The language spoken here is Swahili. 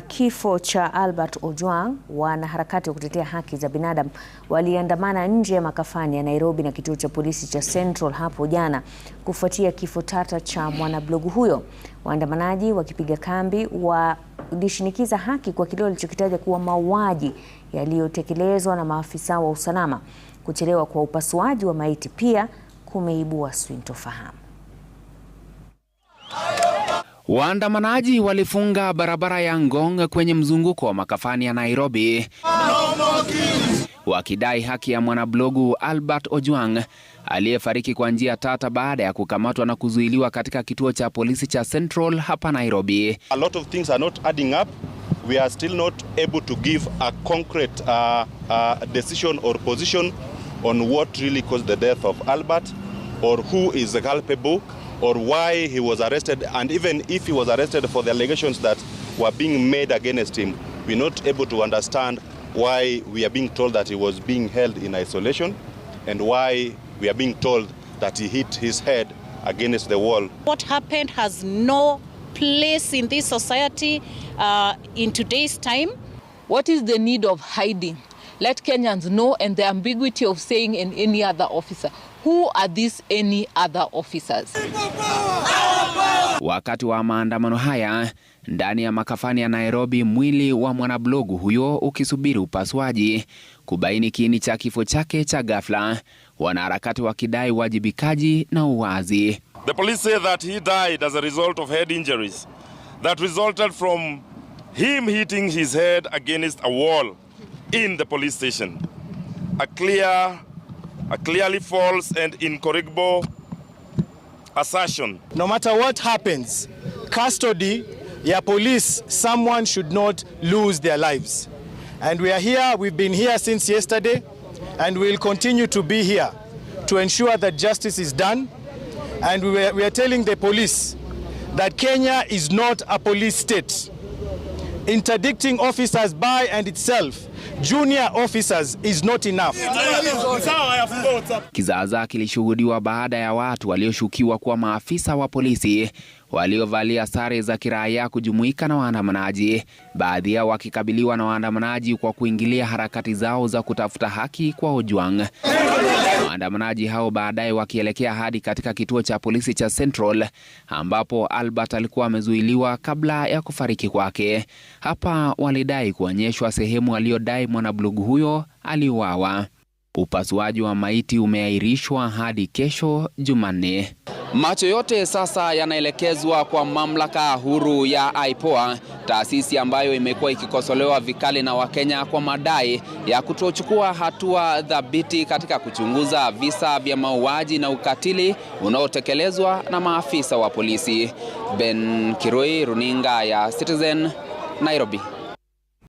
kifo cha Albert Ojwang, wanaharakati wa kutetea haki za binadamu waliandamana nje ya makafani ya Nairobi na kituo cha polisi cha Central hapo jana kufuatia kifo tata cha mwanablogu huyo. Waandamanaji wakipiga kambi walishinikiza haki kwa kile walichokitaja kuwa mauaji yaliyotekelezwa na maafisa wa usalama. Kuchelewa kwa upasuaji wa maiti pia kumeibua sintofahamu. Waandamanaji walifunga barabara ya Ngong kwenye mzunguko wa makafani ya Nairobi wakidai haki ya mwanablogu Albert Ojwang aliyefariki kwa njia tata baada ya kukamatwa na kuzuiliwa katika kituo cha polisi cha Central hapa Nairobi. A lot of things are not adding up. We are still not able to give a concrete uh, uh, decision or position on what really caused the death of Albert or who is culpable or why he was arrested and even if he was arrested for the allegations that were being made against him we're not able to understand why we are being told that he was being held in isolation and why we are being told that he hit his head against the wall what happened has no place in this society uh, in today's time what is the need of hiding Let Kenyans know and the ambiguity of saying in any other officer. Who are these any other officers? Wakati wa maandamano haya ndani ya makafani ya Nairobi, mwili wa mwanablogu huyo ukisubiri upasuaji kubaini kiini cha kifo chake cha ghafla, wanaharakati wakidai uwajibikaji na uwazi. The police say that he died as a result of head injuries that resulted from him hitting his head against a wall. in the police station. A clear, a clearly false and incorrigible assertion. No matter what happens, custody, your police, someone should not lose their lives. And we are here, we've been here since yesterday, and we'll continue to be here to ensure that justice is done. And we are, we are telling the police that Kenya is not a police state. Interdicting officers by and itself junior officers is not enough. Kizaazaa kilishuhudiwa baada ya watu walioshukiwa kuwa maafisa wa polisi waliovalia sare za kiraia kujumuika na waandamanaji, baadhi yao wakikabiliwa na waandamanaji kwa kuingilia harakati zao za kutafuta haki kwa Ojwang. Waandamanaji hao baadaye wakielekea hadi katika kituo cha polisi cha Central ambapo Albert alikuwa amezuiliwa kabla ya kufariki kwake. Hapa walidai kuonyeshwa sehemu aliyodai mwanablogu huyo aliuawa. Upasuaji wa maiti umeahirishwa hadi kesho Jumanne. Macho yote sasa yanaelekezwa kwa mamlaka huru ya IPOA, taasisi ambayo imekuwa ikikosolewa vikali na Wakenya kwa madai ya kutochukua hatua thabiti katika kuchunguza visa vya mauaji na ukatili unaotekelezwa na maafisa wa polisi. Ben Kiroi, runinga ya Citizen, Nairobi.